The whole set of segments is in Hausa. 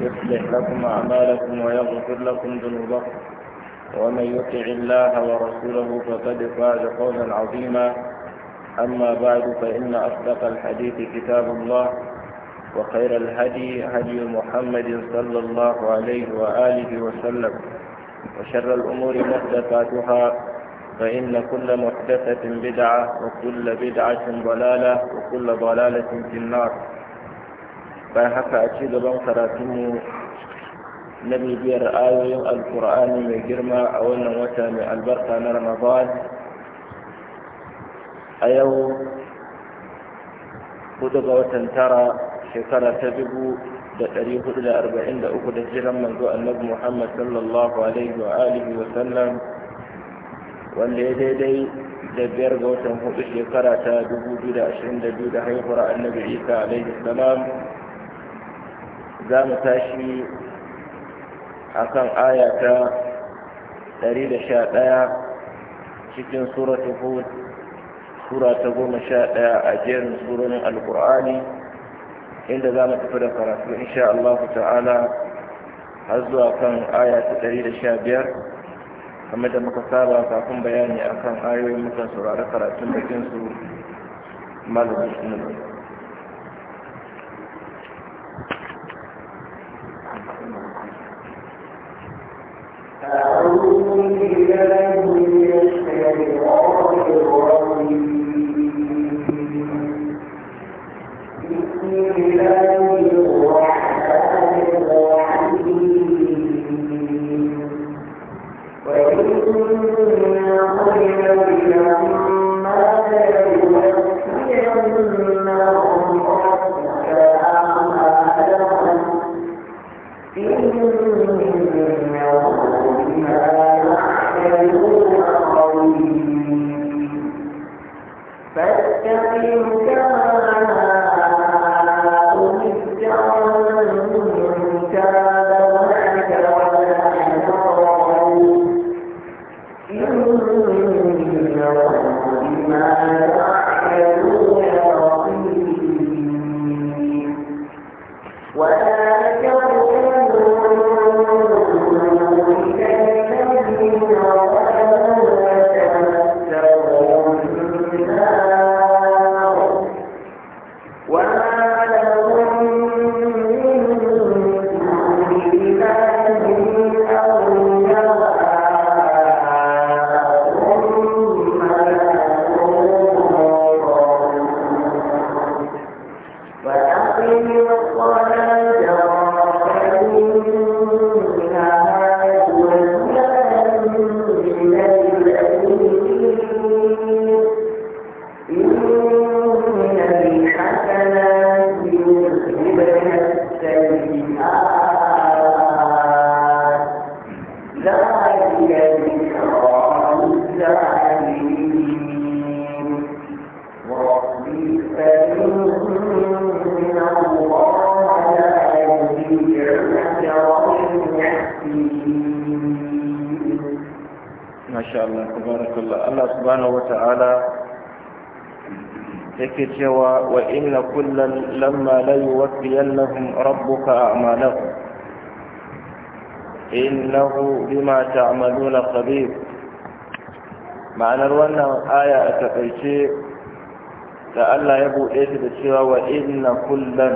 يصلح لكم أعمالكم ويغفر لكم ذنوبكم ومن يطع الله ورسوله فقد فاز قولا عظيما أما بعد فإن أصدق الحديث كتاب الله وخير الهدي هدي محمد صلى الله عليه وآله وسلم وشر الأمور محدثاتها فإن كل محدثة بدعة وكل بدعة ضلالة وكل ضلالة في النار bayan haka a ci gaban karatunmu na bibiyar ayoyin alkur'ani mai girma a wannan wata mai albarka na ramadan a yau hudu ga watan tara shekara ta dubu da ɗari hudu da arba'in da uku da jiran manzo annabi muhammad sallallahu alaihi wa alihi wa sallam wanda ya daidai da biyar ga watan hudu shekara ta dubu biyu da ashirin da biyu da haihuwar annabi isa alaihi salam za mu tashi a kan aya 111 cikin suratun hud sura ta goma sha ɗaya a jerin suronin alkur'ani inda za mu tafi da karatu insha Allah ta'ala har zuwa kan aya ta 115 kamar da muka saba kafin bayani akan ayoyin muka saurari karatun bakin su Thank you. يتولهم ربك أعمالهم na بما تعملون خبير ma'anar wannan aya a takaice da Allah ya buɗe ta da cewa wa inna kullan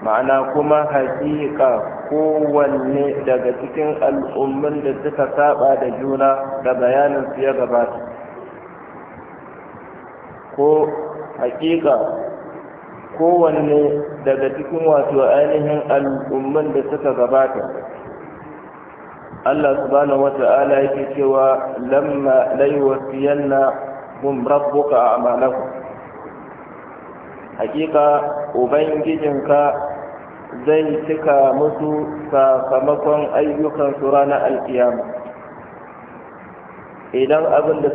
ma'ana kuma haƙiƙa kowanne daga cikin al'ummin da suka saba da juna da bayanin su ya gabata ko hakika kowanne daga cikin wato ainihin al'umman da suka gabata Allah subhanahu ta’ala yake cewa lamma lai wasiyanna hum rabbuka a'malahu hakika ubangijinka zai cika musu sakamakon ayyukansu ranar alkiyama idan abin da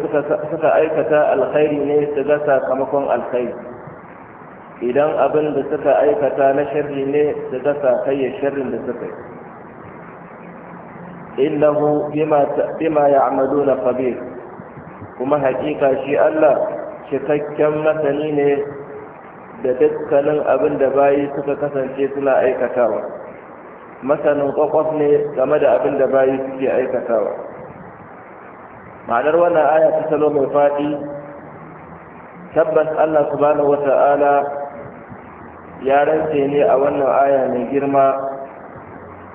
suka aikata alkhairi ne su ga sakamakon alkhairi idan abin da suka aikata na sharri ne da dasa kayyar sharrin da suka yi innahu bima ya'maluna khabir kuma hakika shi Allah cikakken masani ne da dukkanin abin da bayi suka kasance suna aikatawa masanin kwakwaf ne game da abin da bayi suke aikatawa ma'anar wannan aya ta salo mai faɗi tabbas Allah subhanahu ta'ala ya rance ne a wannan aya mai girma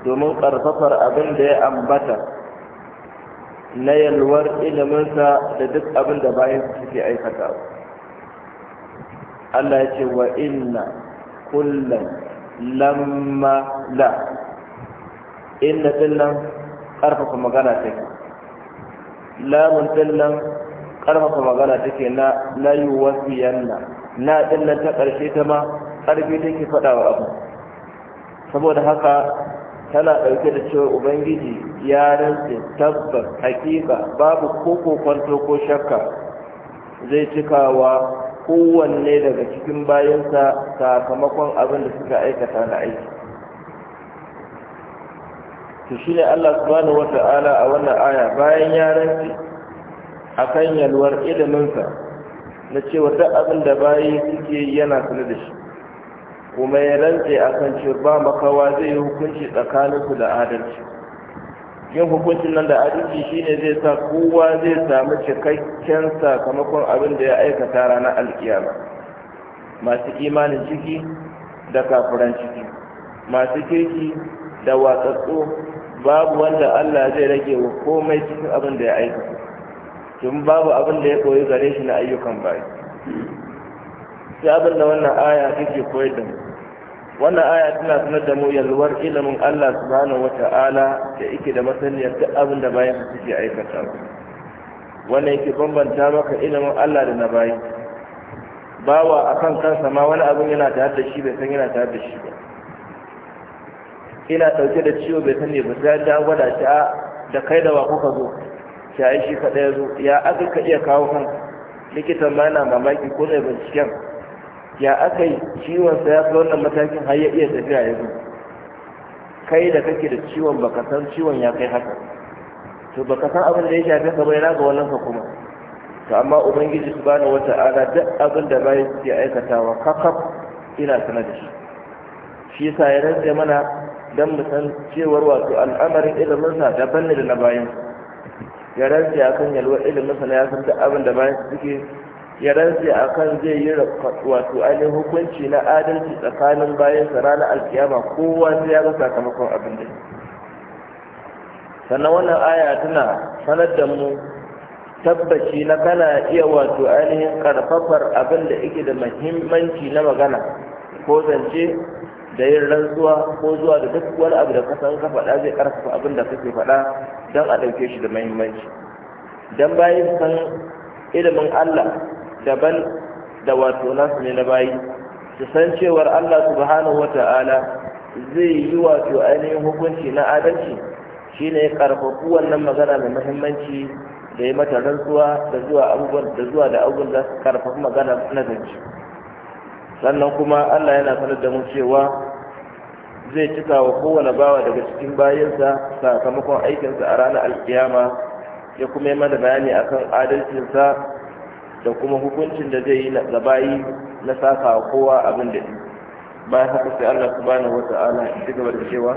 domin ƙarfafar abin da ya ambata na yalwar iliminsa da duk abin da bayan suke aikata Allah ya ce wa inna kullum lamma la inna dillan ƙarfafa magana take lamun dillan ƙarfafa magana take na la yuwafiyanna na dillan ta ƙarshe ta ma ƙarfi take faɗawa abu saboda haka tana ɗauke da cewa ubangiji ya rantse tabbas hakika babu ko kwanto ko shakka zai cikawa kowanne daga cikin bayansa sakamakon abin da suka aikata na aiki to shi ne allah subhanahu wata'ala a wannan aya bayan ya rantse a kan yalwar iliminsa na cewa duk abin da bayi suke yana kula da shi kuma ya rantse a kan cewa makawa zai yi hukunci tsakaninku da adalci yin hukuncin nan da adalci shine zai sa kowa zai samu cikakken sakamakon abin da ya aikata ranar alkiyama masu imanin ciki da kafuran ciki masu kirki da watsatsu babu wanda Allah zai rage wa komai cikin abin da ya aikata tun babu abin da ya koyi gare shi na ayyukan bayi sai abin da wannan aya take koyar da mu wannan aya tana sanar da mu yalwar ilimin Allah subhanahu wata'ala da yake da masaniyar duk abin da bayan suke aikata wannan yake bambanta maka ilimin Allah da na bayi bawa akan kansa ma wani abin yana tare da shi bai san yana tare da shi ba ina ɗauke da ciwo bai sani ba sai da gwada ta da kai da wa kuka zo ta yi shi kaɗai zo ya aka ka iya kawo kan likitan ma yana mamaki ko ne binciken ya aka yi ciwonsa ya fi wannan matakin har ya iya tafiya ya zo kai da kake da ciwon baka san ciwon ya kai haka to baka san abin da ya shafe ka bai raga wannan ka kuma to amma ubangiji su wata ala duk abin da bai suke aikatawa kakaf ina sana da shi shi yasa ya rantse mana dan mu san cewar wato al'amarin ilimin sa da ne da na bayan ya rantse akan yalwar ilimin sa na ya san duk abin da bayan suke ya rantse a kan zai yi wato ainihin hukunci na adalci tsakanin sa ranar alkiyama kowa sai ya ga sakamakon abin da sannan wannan aya tana sanar da mu tabbaci na kana iya wato ainihin karfafar abin da yake da mahimmanci na magana ko zance da yin rantsuwa ko zuwa da duk wani abu da ka san ka faɗa zai karfafa abin da kake faɗa don a ɗauke shi da mahimmanci don bayan san ilimin Allah daban da wato nasu ne na bayi su san cewar Allah subhanahu wata'ala zai yi wato ainihin hukunci na adalci shine ya karfafu wannan magana da muhimmanci da ya mata rantsuwa da zuwa abubuwan da zuwa da abubuwan da su karfafi magana na zance sannan kuma Allah yana sanar da mu cewa zai cika wa kowane bawa daga cikin bayansa sakamakon aikinsa a ranar alkiyama ya kuma yi mana bayani akan adalcinsa da kuma hukuncin da zai yi da bayi na saka kowa abin da bayan haka sai Allah subhanahu wata'ala ya ci gaba da cewa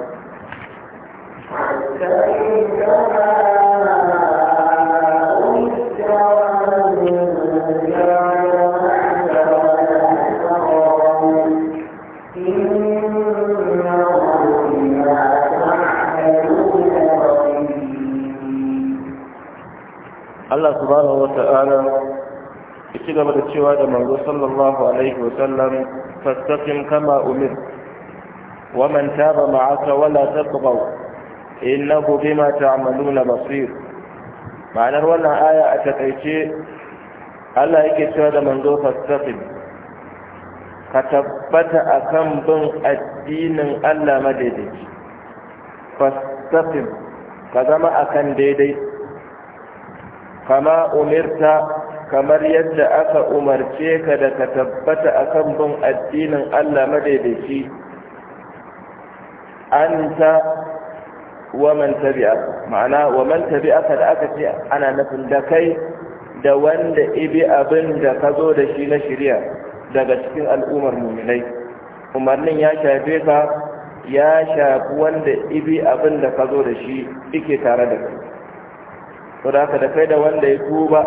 Allah subhanahu wa ta'ala ci gaba da cewa da manzo sallallahu alaihi wa sallam fastaqim kama umir wa man taba ma'aka wala taqaw innahu bima ta'maluna basir ma'anar wannan aya a takaice Allah yake cewa da manzo fastaqim ka tabbata akan bin addinin Allah madaidaici fastaqim ka zama akan daidai kama umirta kamar yadda aka umarce ka da ka tabbata akan bin addinin Allah madaidaici ta wa man tabi'a ma'ana wa man ka da aka ce ana nufin da kai da wanda ibi abin da ka zo da shi na shirya daga cikin al'ummar muminai umarnin ya shafe ka ya shafi wanda ibi abin da ka zo da shi ike tare da kai to da da kai da wanda ya tuba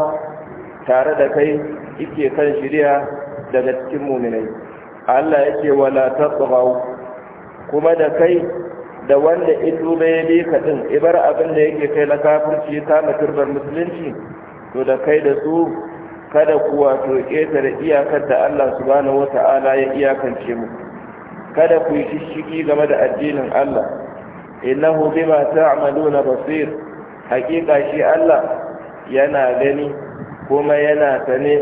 tare da kai yake kan shirya daga cikin muminai Allah yake wala tatghaw kuma da kai da wanda ido bai bi ka din ibar abin da yake kai na kafirci ta maturbar musulunci to da kai da su kada ku wato ƙetare iyakar da Allah subhanahu wata'ala ya iyakance mu kada ku yi shishigi game da addinin Allah innahu bima ta'maluna basir Hakika shi Allah yana gani kuma yana sane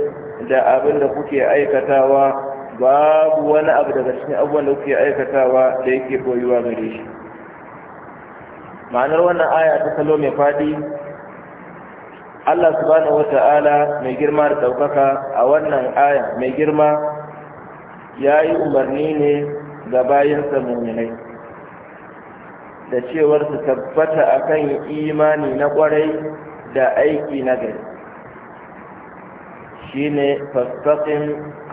da abin da kuke aikatawa babu wani abu daga cikin abubuwan da kuke aikatawa da yake boyuwa gare shi ma'anar wannan aya ta salo mai fadi Allah subhanahu wata'ala mai girma da ɗaukaka a wannan aya mai girma ya yi umarni ne ga bayansa muminai da cewar su tabbata akan imani na kwarai da aiki na gari shine fastaqim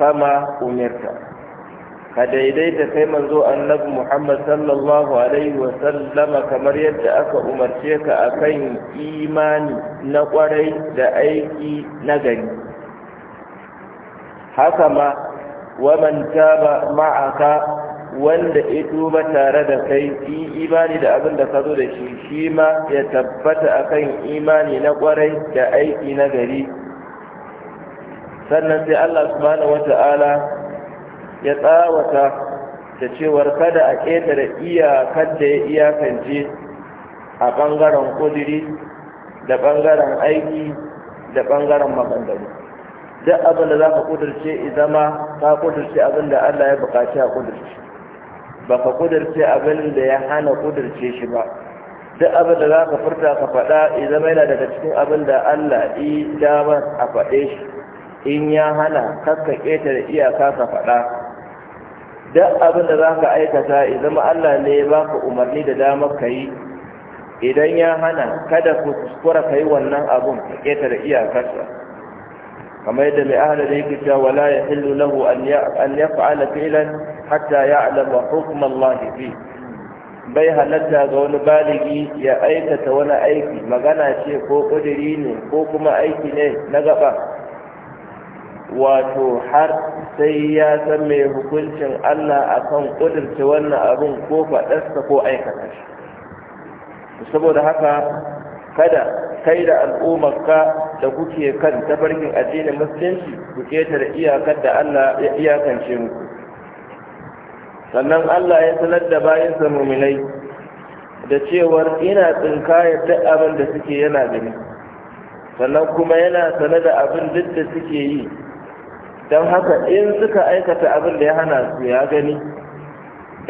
kama umirta ka daidaita kai manzo annabi Muhammad sallallahu alaihi wa sallama kamar yadda aka umarce ka akan imani na kwarai da aiki na gari haka ma waman taba ma'aka wanda ya tuba tare da kai yi imani da abin da ka zo da shi shi ma ya tabbata akan imani na kwarai da aiki na gari sannan sai Allah subhanahu wata'ala ya tsawata da cewar kada a ƙetare iyakar da ya iyakance a ɓangaren ƙudiri, da ɓangaren aiki da ɓangaren maganganu duk abin da za ka i izama ka ƙudurce abin da Allah ya buƙaci a ƙudurce, ba ka ƙudurce abin da ya hana ƙudurce shi ba duk abin da za ka furta ka faɗa izama yana daga cikin abin da Allah yi damar a faɗe shi in ya hana kakka da iyaka ka faɗa duk abin da za ka aikata zama allah ne ya baka umarni da damar ka yi idan ya hana kada ku kuskura ka yi wannan abin ka ƙetare iyakarsa kamar yadda mai da yake cewa wala ya hillu lahu an ya fa'ala filan hatta ya alama hukumar lahifi bai halatta ga wani baligi ya aikata wani aiki magana ce ko kudiri ne ko kuma aiki ne na gaba wato har sai ya san mai hukuncin Allah akan kudurce wannan abin ko faɗarsa ko aikata shi saboda haka kada kai da al'ummarka da kuke kan tafarkin addinin musulunci ku ketare iyakar da Allah ya iyakance muku sannan Allah ya sanar da bayansa muminai da cewar ina tsinkayar duk abin da suke yana gani sannan kuma yana sanar da abin duk da suke yi don haka in suka aikata abin da ya hana su ya gani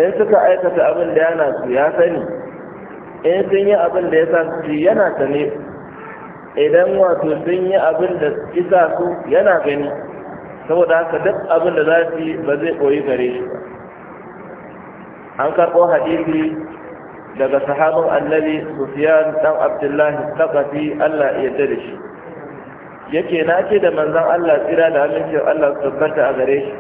in suka aikata abin da ya hana su ya sani in sun yi abin da ya sa su yana sane idan wato sun yi abin da isa su yana gani saboda haka duk abin da za su yi ba zai koyi gare shi ba an karɓo hadisi daga sahabin annabi sufiyan dan abdullahi taqafi Allah ya da shi yake na ce da manzan Allah tsira da amincin Allah su tabbata a gare shi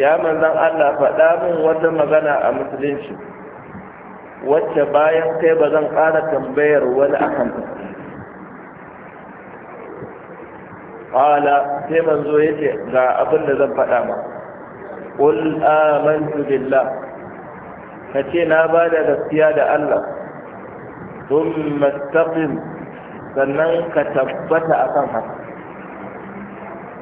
ya manzan Allah faɗa min wata magana a musulunci wacce bayan kai ba zan ƙara tambayar wani akan kan ƙala sai manzo ya ce ga abin da zan faɗa ma ƙul amantu billah ka ce na ba da gaskiya da Allah sun mastaqim sannan ka tabbata akan haka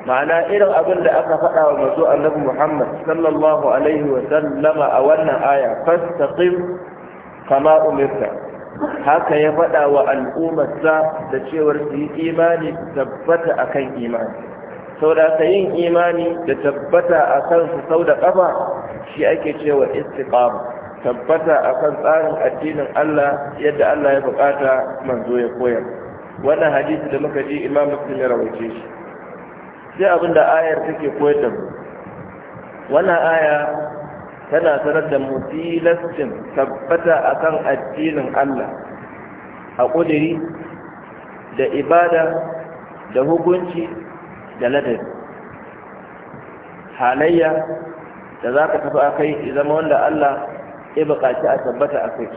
ma'ana irin abin da aka faɗa wa mazo annabi muhammad sallallahu alaihi wa sallama a wannan aya fastaqim kama umirta haka ya faɗa wa al'ummarsa da cewar su yi imani tabbata akan imani sau da ka yin imani da tabbata a kansu sau da ƙafa shi ake cewa istiqama tabbata akan tsarin addinin Allah yadda Allah ya bukata manzo ya koyar wannan hadisi da muka ji imam muslim ya rawaice shi sai abinda ayar take koyar da mu wannan aya tana sanar da mu tilastin tabbata akan addinin Allah a ƙudiri da ibada da hukunci da ladabi halayya da za ka tafi a kai zama wanda Allah ya buƙaci a tabbata a kai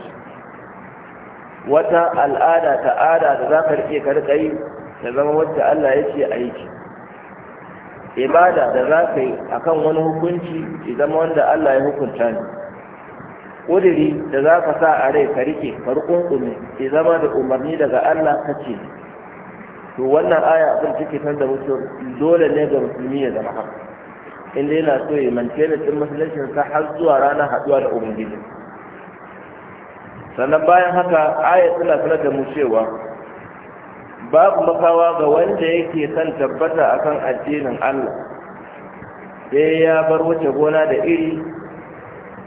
wata al'ada ta'ada da za ka rike ka yi ta zama wacce Allah ya ce a yi ibada da za ka yi a kan wani hukunci ya zama wanda Allah ya hukunta ne ƙudiri da za ka sa a rai ka rike farkon ƙumi ya zama da umarni daga Allah ka ce to wannan aya abin ciki san da mutum dole ne ga musulmi ya zama haka inda yana so ya mance da tsin masalancin sa har zuwa ranar haɗuwa da ubangiji sannan bayan haka ayat suna sanar da mu cewa babu makawa ga wanda yake son tabbata akan addinin Allah sai ya bar wuce gona da iri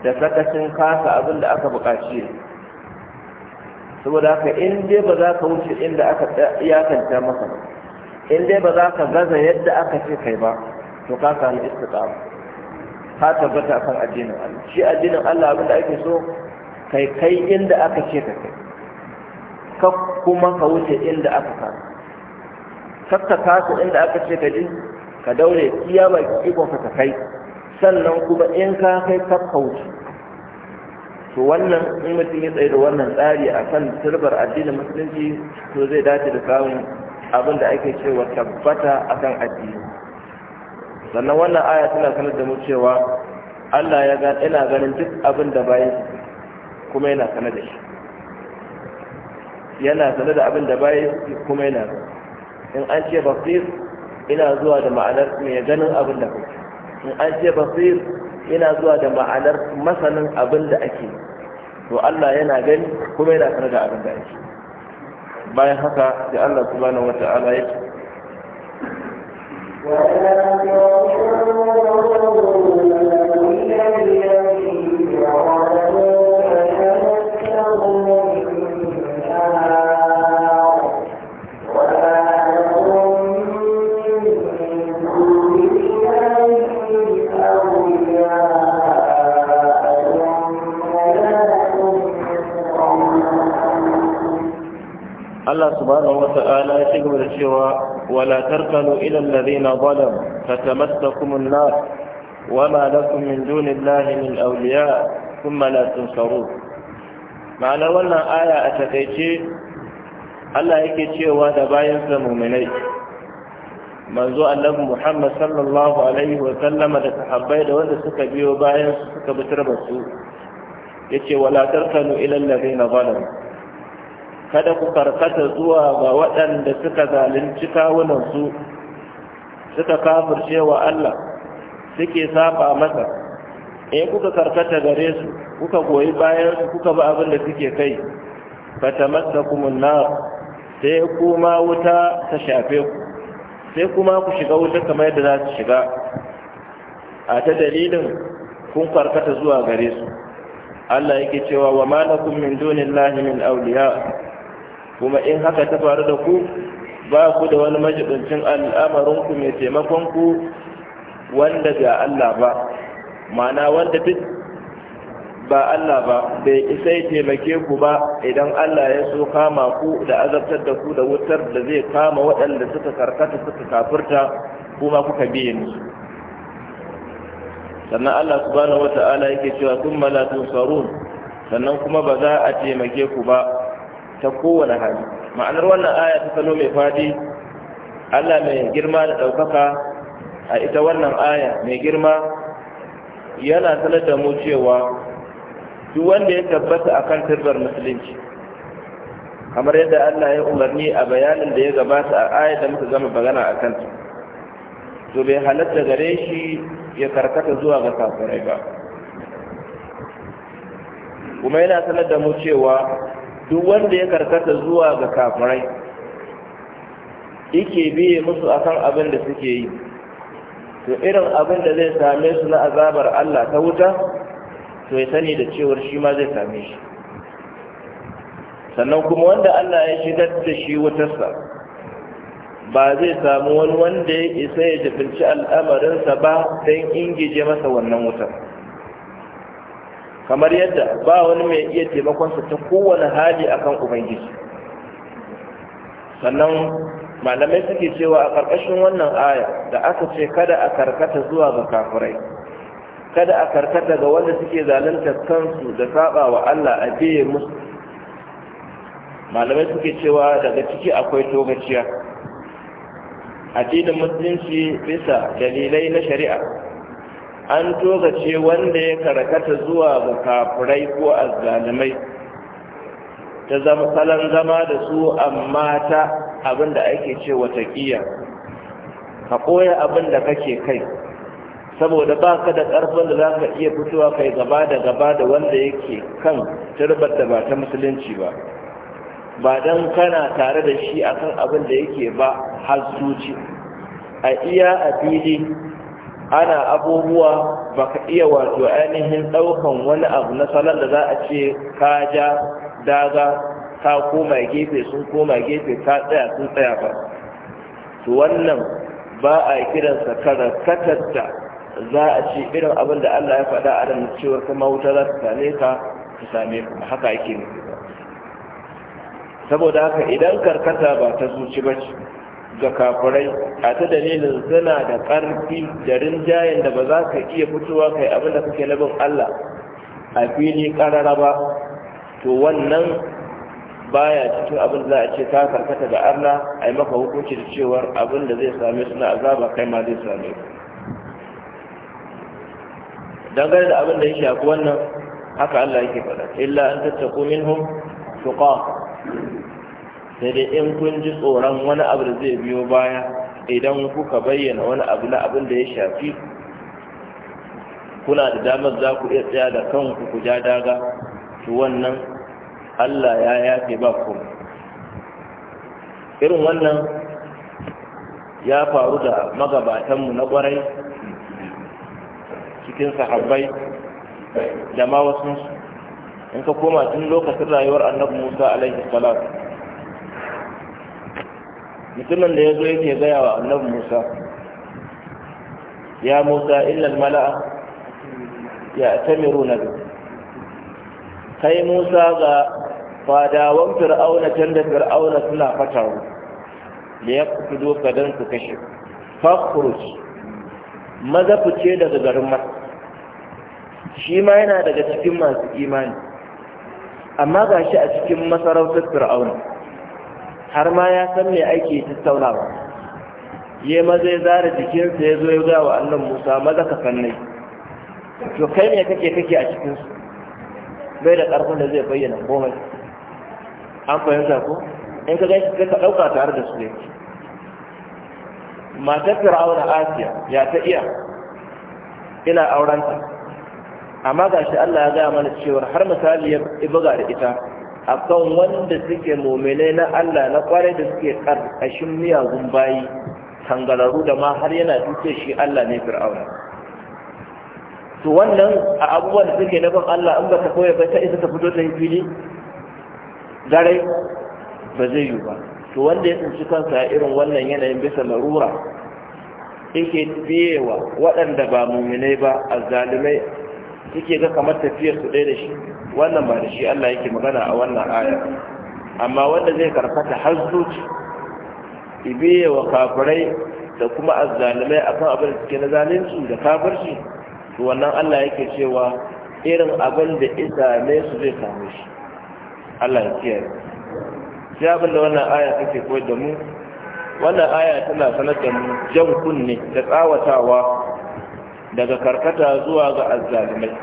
da sakacin kasa abin da aka buƙaci saboda haka in dai ba za ka wuce inda aka iyakanta maka in dai ba za ka gaza yadda aka ce kai ba to ka samu istiqama ka tabbata akan addinin Allah shi addinin Allah abin da ake so kai kai inda aka ce ka kai ka kuma ka wuce inda aka kasa sakka kasa inda aka ce ka ji ka daure iya baki ikon ka kai sannan kuma in ka kai ka kauce to wannan in mutum ya tsaye da wannan tsari a kan turbar addinin musulunci to zai dace da samun abin da ake cewa tabbata a kan addini sannan wannan aya tana sanar da mu cewa Allah ya ga ina ganin duk abin da bayan kuma yana sane da shi yana sanar da abin da baya kuma yana in an ce basir ina zuwa da ma'anar mai ganin abin da kake in an ce basir ina zuwa da ma'anar masanin abin da ake to Allah yana gani kuma yana sane da abin da ake bayan haka da Allah subhanahu wata'ala ya ce subhanahu wata'ala ya cigaba da cewa wala tarkanu ila alladhina zalam fatamassakum an-nar wama lakum min dunillahi min awliya thumma la tunsarun ma'ana wannan aya a takeice Allah yake cewa da bayan sa mu'minai manzo annabi Muhammad sallallahu alaihi wa sallama da sahabbai da wanda suka biyo bayan suka bi tarbar su yace wala tarkanu ila alladhina zalamu kada ku karkata zuwa ga waɗanda suka zalunci kawunansu suka kafirce wa Allah suke saba masa eh kuka karkata gare su kuka goyi bayan su kuka ba abin da suke kai fatamassakumun nar sai kuma wuta ta shafe ku sai kuma ku shiga wuta kamar yadda za su shiga a ta dalilin kun karkata zuwa gare su Allah yake cewa wa malakum min dunillahi min awliya kuma in haka ta faru da ku ba ku da wani majibincin al'amarinku mai taimakonku wanda ga Allah ba mana wanda duk ba Allah ba bai isa ya taimake ku ba idan Allah ya so kama ku da azabtar da ku da wutar da zai kama waɗanda suka karkata suka kafirta kuma kuka biye musu sannan Allah subhanahu wata'ala yake cewa sun malatun sannan kuma ba za a taimake ku ba ta kowane hali ma'anar wannan aya ta salo mai fadi Allah mai girma da ɗaukaka a ita wannan aya mai girma yana sanar da mu cewa duk wanda ya tabbata akan turbar musulunci kamar yadda Allah ya umarni a bayanin da ya gabata a aya da muka gama magana a kanta to bai halatta gare shi ya karkata zuwa ga kafirai ba kuma yana sanar da mu cewa duk wanda ya karkata zuwa ga kafirai yake biye musu akan abin da suke yi to irin abin da zai same su na azabar Allah ta wuta to ya sani da cewar shi ma zai same shi sannan kuma wanda Allah ya shigar da shi wutarsa ba zai samu wani wanda ya isa ya al'amarin al'amarinsa ba don ingije masa wannan wutar kamar yadda ba wani mai iya taimakonsa ta kowane hali akan ubangiji sannan malamai suke cewa a ƙarƙashin wannan aya da aka ce kada a karkata zuwa ga kafirai kada a karkata ga wanda suke zalunta kansu da saba wa Allah a biye musu malamai suke cewa daga ciki akwai togaciya addinin musulunci bisa dalilai na shari'a an tozace wanda ya karkata zuwa ga kafirai ko azzalimai ta zama salon zama da su amma ta abinda ake ce wataƙiya ka koya abinda kake kai saboda ba ka da ƙarfin da za ka iya fitowa kai gaba da gaba da wanda yake kan turbar da ba ta musulunci ba ba don kana tare da shi akan abin da yake ba har zuci a iya a fili ana abubuwa baka iya wato ainihin ɗaukan wani abu na salon da za a ce ka ja daga ka koma gefe sun koma gefe ka tsaya sun tsaya ba to wannan ba a kiransa da za a ce irin abin da Allah ya faɗa a nan cewa kuma wuta za ta same ka ta same ku haka yake ne saboda haka idan karkata ba ta zuci ba ce ga kafirai a ta dalilin suna da ƙarfi da rinjayen da ba za ka iya fitowa kai abin da kake labin Allah a fili ƙarara ba to wannan baya cikin abin da za a ce ta karkata da Allah a yi maka hukunci da cewar abin da zai same suna azaba kai ma zai same dangane da abin da ya shafi wannan haka Allah yake faɗa illa an tattaku minhum tuqa sai dai in kun ji tsoron wani abu da zai biyo baya idan kuka bayyana wani abu na abin da ya shafi kuna da damar za ku iya tsaya da kanku ku ja daga to wannan Allah ya yafe ba ku irin wannan ya faru da magabatanmu na kwarai, cikin sahabbai da ma wasu in ka koma tun lokacin rayuwar annabi Musa alaihi salatu mutumin da ya zo yake gaya wa annabi musa ya musa illal mala'a ya tamiru na kai musa ga fadawan fir'auna can da fir'auna suna fatawa da ya fito ka don su kashe fakhruj maza fice daga garin masa shi ma yana daga cikin masu imani amma gashi a cikin masarautar fir'auna har ma ya san me ake tattaunawa ya ma zai zara jikinsa ya zo ya ga wa Allah Musa maza ka kannai to kai ne kake kake a cikin su bai da ƙarfin da zai bayyana komai an fahimta ko in ka gaishe ka ɗauka tare da su ne matar fir'auna asiya ya ta iya ina aurenta amma ga shi Allah ya gaya mana cewa har misali ya buga da ita akan wanda suke muminai na Allah na kwarai da suke karkashin miyagun bayi tangalaru da ma har yana tuce shi Allah ne fir'auna to wannan a abubuwan da suke na ban Allah in ba ta koya ba ta isa ta fito ta fili dare ba zai yi ba to wanda ya tsinci kansa a irin wannan yanayin bisa larura yake biyewa waɗanda ba muminai ba azzalumai suke ga kamar tafiyar su ɗaya da shi wannan ba da shi Allah yake magana a wannan aya amma wanda zai karkata har zuci ibiye wa kafirai da kuma azzalumai akan abin da suke na zalunci da kafirci to wannan Allah yake cewa irin abin da ne su zai samu shi Allah ya kiyaye sai abin da wannan aya take koyar da mu wannan aya tana sanar da mu jan kunne da tsawatawa daga karkata zuwa ga azzalumai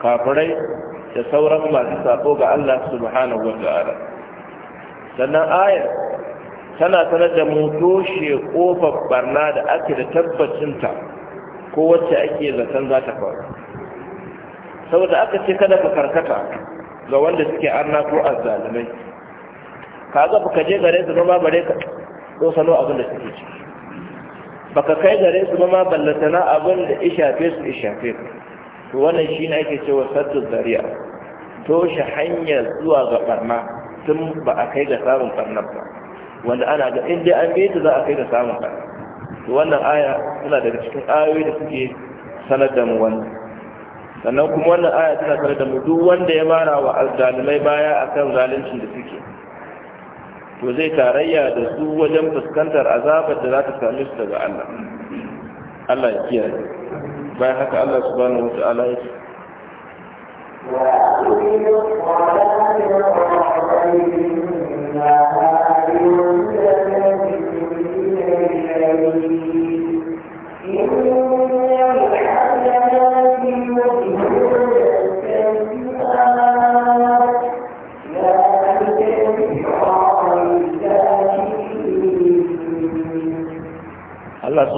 kafirai da sauran masu sako ga Allah subhanahu wa ta'ala sannan ayar tana sanar da mu toshe kofar barna da ake da tabbacinta ko wacce ake zaton za ta faru saboda aka ce kada ka karkata ga wanda suke arna ko azalimai, ka ga ka je gare su ba bare ka dosano abin da suke ciki baka kai gare su ba ballatana abin da ishafe su ishafe ka to wannan shi ne ake cewa sattu zariya toshe hanyar zuwa ga barna tun ba a kai ga samun barnar ba wanda ana ga inda dai an ta za a kai ga samun barna to wannan aya tana daga cikin ayoyi da suke sanar da mu wannan sannan kuma wannan aya tana sanar da mu duk wanda ya mara wa azzalimai baya akan zaluncin da suke to zai tarayya da su wajen fuskantar azabar da za ta same su daga Allah Allah ya kiyaye باي حكى الله سبحانه وتعالى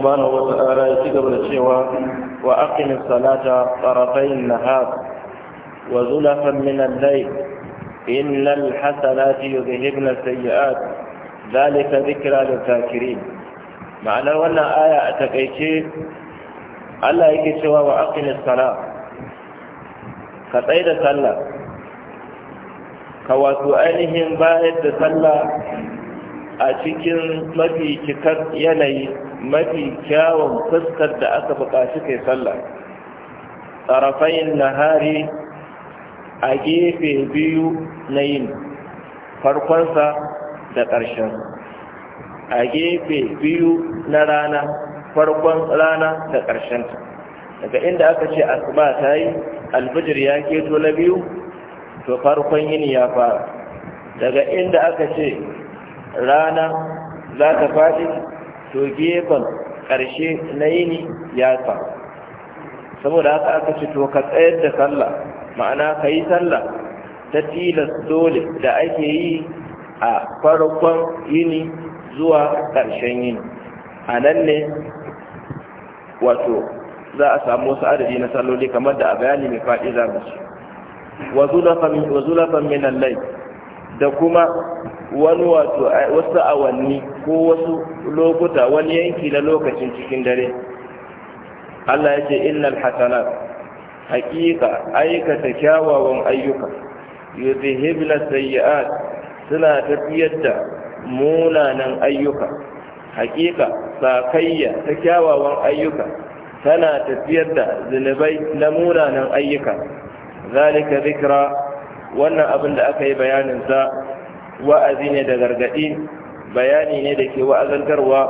subhanahu wata'ala ya ci gaba da cewa wa aqimis salata tarafayn nahar wa zulafan min al-layl innal hasanati yudhhibna as-sayyi'at dhalika dhikra lil-zakirin ma'anar wannan aya a takaice Allah yake cewa wa aqimis sala ka tsai da sallah ka wato ainihin bayar da sallah a cikin mafi cikar yanayi mafi kyawun fuskar da aka buƙaci kai sallah tsarafayin nahari a gefe biyu na yin farkonsa da ƙarshen a gefe biyu na rana farkon rana da ƙarshenta daga inda aka ce asuba ta yi albijir ya keto na biyu to farkon yini ya fara daga inda aka ce rana za ta faɗi to gefen ƙarshe na yini ya sa saboda haka aka ce to ka tsayar da sallah ma'ana ka yi sallah ta tilas dole da ake yi a farkon yini zuwa ƙarshen yini a nan ne wato za a samu wasu adadi na salloli kamar da a bayani mai faɗi za mu ci wa zulafa min allai da kuma wani wato wasu awanni ko wasu lokuta wani yanki na lokacin cikin dare Allah ya ce innal hasanat haƙiƙa aikata kyawawan ayyuka yuzhibna sayyi'at suna tafiyar da munanan ayyuka haƙiƙa sakayya ta kyawawan ayyuka tana tafiyar da zunubai na munanan ayyuka zalika zikra wannan abin da aka yi bayanin sa wa'azi ne da gargaɗi bayani ne da ke wa'azantarwa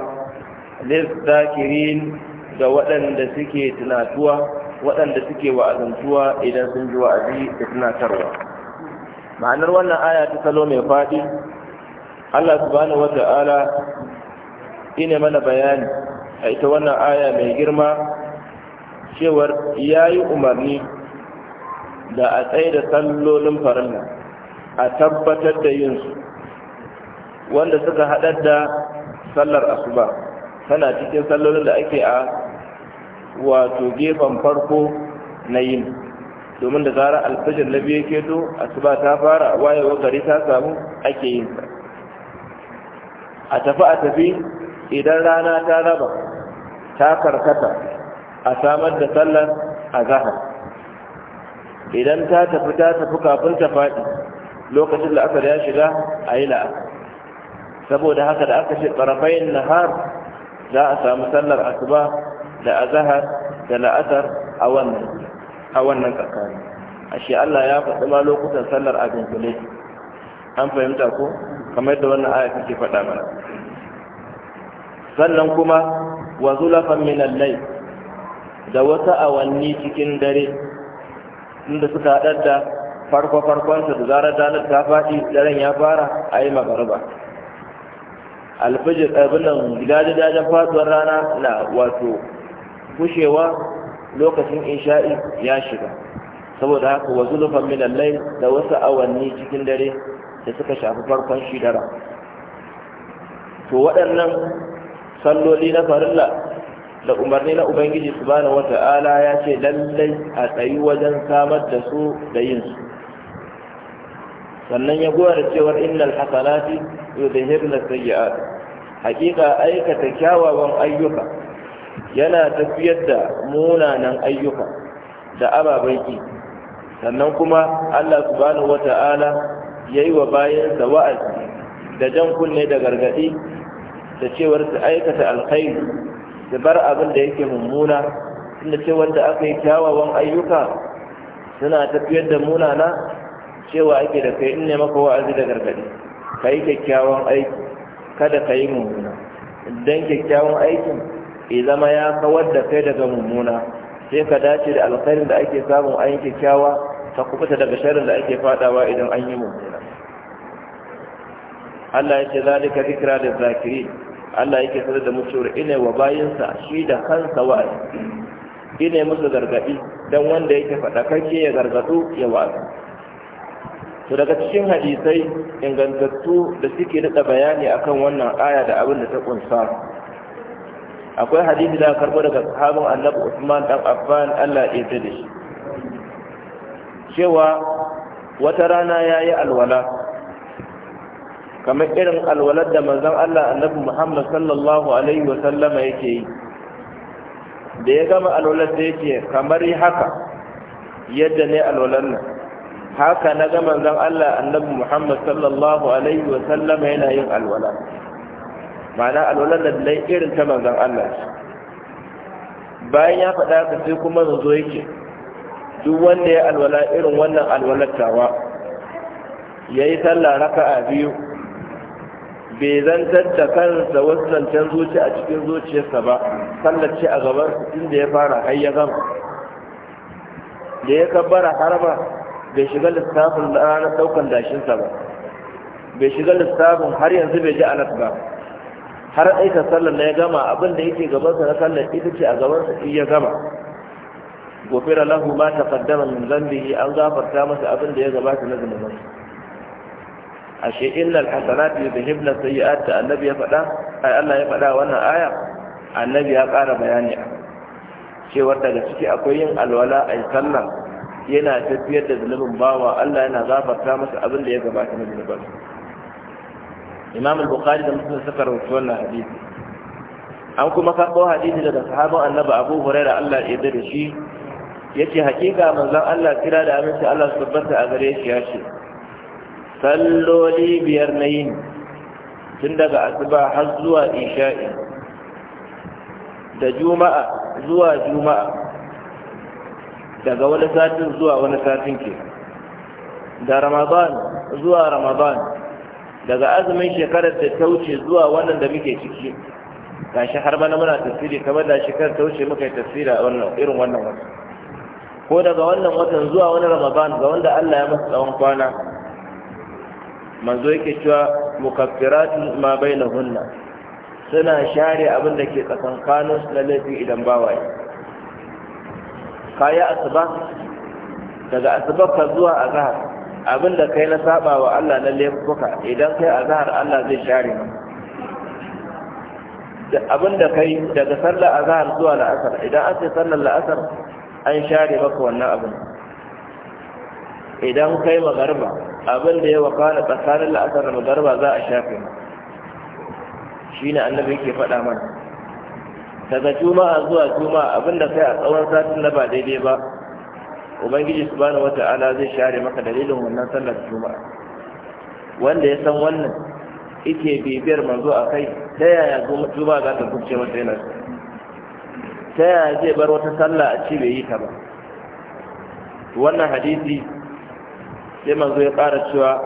lissakirin ga waɗanda suke tunatuwa waɗanda suke wa'azantuwa idan sun ji wa'azi da tunatarwa ma'anar wannan aya ta salo mai faɗi allah subhanahu wa ta'ala ina mana bayani a ita wannan aya mai girma cewar ya yi umarni da a tsaye da sallolin faranna a tabbatar da yin su wanda suka haɗar da sallar asuba tana cikin sallolin da ake a wato gefen farko na yin domin da zara alfajar na biyu ke to asuba ta fara wayewar gari ta samu ake yin sa a tafi a tafi idan rana ta raba ta karkata a samar da sallar a zahar idan ta tafi ta tafi kafin ta faɗi lokacin la'asar ya shiga a yi la'asar saboda haka da aka ce ƙarafayin nahar za a samu sallar asuba da azahar da la'asar a wannan a wannan ashe Allah ya faɗi ma lokutan sallar abin dunkule an fahimta ko kamar da wannan aya take faɗa mana sannan kuma wa zulafan min al da wata awanni cikin dare inda suka haɗar da farko-farkonsa da zarar dalar ta faɗi daren ya fara a yi magarba alfijir abinan gidajen faduwar rana na wato kushewa lokacin insha'i ya shiga saboda haka wasu lufan minallai da wasu awanni cikin dare da suka shafi farkon shi to waɗannan salloli na farilla da umarni na ubangiji subhanahu wata'ala ya ce lallai a tsayi wajen samar da su da yin su sannan ya goya da cewar innal hasanati yudhhibna sayyi'at hakika aikata kyawawan ayyuka yana tafiyar da munanan ayyuka da ababen ki sannan kuma Allah subhanahu wata'ala yayi wa bayansa wa'azi da jan kunne da gargadi da cewar su aikata alkhairi da bar abin da yake mummuna tunda ce wanda aka yi kyawawan ayyuka suna tafiyar da munana cewa ake da kai in ne maka wa'azi da gargadi ka yi kyakkyawan aiki kada ka yi mummuna idan kyakkyawan aikin ya zama ya kawar da kai daga mummuna sai ka dace da alkhairin da ake samun an yi kyakkyawa ka kubuta daga sharin da ake fadawa idan an yi mummuna Allah ya ce zalika zikra da zakirin Allah yake sanar da mu cewa ina wa bayinsa shi da kansa wa'azi ina musu gargadi dan wanda yake kake ya gargadu ya wa'azi to daga cikin hadisai ingantattu da suke da bayani akan wannan aya da abin da ta kunsa akwai hadisi da karbo daga sahabin Annabi Usman dan Affan Allah ya yarda da shi cewa wata rana yayi alwala kamar irin alwalar da manzon Allah annabi Muhammad sallallahu alaihi wa sallama yake yi da ya gama alwalar da yake kamar haka yadda ne alwalar nan haka na ga manzon Allah annabi Muhammad sallallahu alaihi wa sallama yana yin alwala ma'ana alwalar da dai irin ta manzon Allah bayan ya faɗa ka sai kuma zo yake duk wanda ya alwala irin wannan alwalar tawa yayi sallah raka'a biyu bai zantar da kansa wasu zancen zuci a cikin zuciyarsa ba sallace a gaban inda ya fara har ya gama da ya kabbara harba bai shiga lissafin ranar daukan dashinsa ba bai shiga lissafin har yanzu bai ji alat ba har aika sallar na ya gama abin da yake gabansa na sallar ita ce a gabansa in ya gama gofira lahu ma taqaddama min zambihi an gafarta masa abin da ya gabata na zunubansa ashe illal hasanat yudhibna sayyi'at da annabi ya faɗa ai Allah ya faɗa wannan aya annabi ya ƙara bayani a cewar daga ciki akwai yin alwala ai sallah yana tafiyar da zunubin bawa Allah yana gafarta masa abin da ya gabata na zunuban Imam al-Bukhari da Muslim suka rawaito wannan hadisi an kuma karɓo hadisi daga sahabban annabi Abu Hurairah Allah ya yarda da shi yace hakika manzon Allah kira da aminci Allah subhanahu wa ta'ala gare shi ya ce salloli biyar na yin tun daga asuba har zuwa isha'i da juma'a zuwa juma'a daga wani satin zuwa wani satin ke da ramadan zuwa ramadan daga azumin shekarar da ta wuce zuwa wannan da muke ciki gashi har bana muna tafsiri kamar da shekarar ta wuce muka yi tafsiri a wannan irin wannan wata ko daga wannan watan zuwa wani ramadan ga wanda Allah ya masa tsawon kwana manzo yake cewa mukaffirat ma bainahunna suna share abin da ke tsakankanin su na laifin idan bawaye kaya asuba daga asuba ka zuwa azhar abin da kai na saba wa Allah na laifuka idan kai azhar Allah zai share maka abin da kai daga sallar azhar zuwa la'asar idan aka sallar la'asar an share maka wannan abin idan kai magarba abin da ya wakana tsakanin la'asar da ba za a shafe shi ne annabi ke faɗa mana daga juma'a zuwa juma'a abin da sai a tsawon satin na ba daidai ba ubangiji wata ala zai share maka dalilin wannan sallar juma'a wanda ya san wannan ike bibiyar manzo a kai ta yaya juma'a za ta kuce masa yana ta yaya zai bar wata sallah a ci bai yi ta ba wannan hadisi sai manzo ya ƙara cewa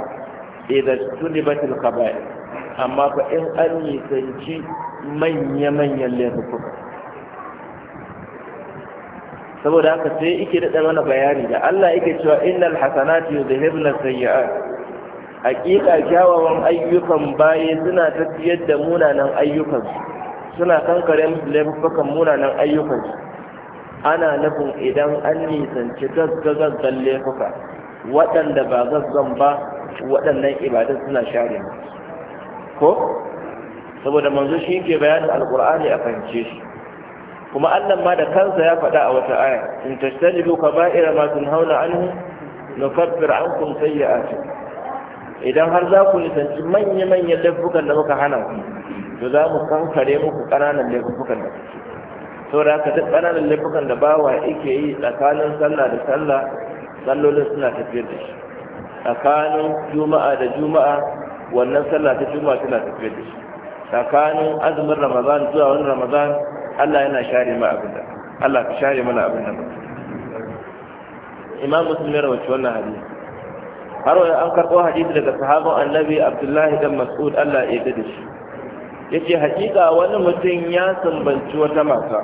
idan sulibatil kaba'i amma fa in an sanci manya-manyan laifuka saboda haka sai ike da mana bayani da Allah yake cewa innal hasanati yudhhibna sayyi'at haƙiƙa kyawawan ayyukan baye suna tafiyar da munanan ayyukan suna kankare musu laifukan munanan ayyukan ana nufin idan an nisanci gaggagaggan laifuka waɗanda ba zazzan ba waɗannan ibadun suna share mu ko saboda manzo shi ke bayanin alkur'ani a fahimce shi kuma Allah ma da kansa ya faɗa a wata aya in tajtanibu kaba'ira ma tunhauna anhu nukaffir ankum sayyi'atikum idan har za ku nisanci manya-manyan laifukan da muka hana ku to za mu kankare muku ƙananan laifukan da kuke saboda haka duk ƙananan laifukan da bawa yake yi tsakanin sallah da sallah sallolin suna tafiyar da shi tsakanin juma'a da juma'a wannan sallah ta juma'a suna tafiyar da shi tsakanin azumin ramadan zuwa wani ramadan Allah yana share ma abin da Allah ka share mana abin da Imam Muslim ya rawaci wannan hadisi har wani an karɓo hadisi daga sahabon annabi Abdullahi dan Mas'ud Allah ya yarda da shi ce hakika wani mutum ya sambanci wata mata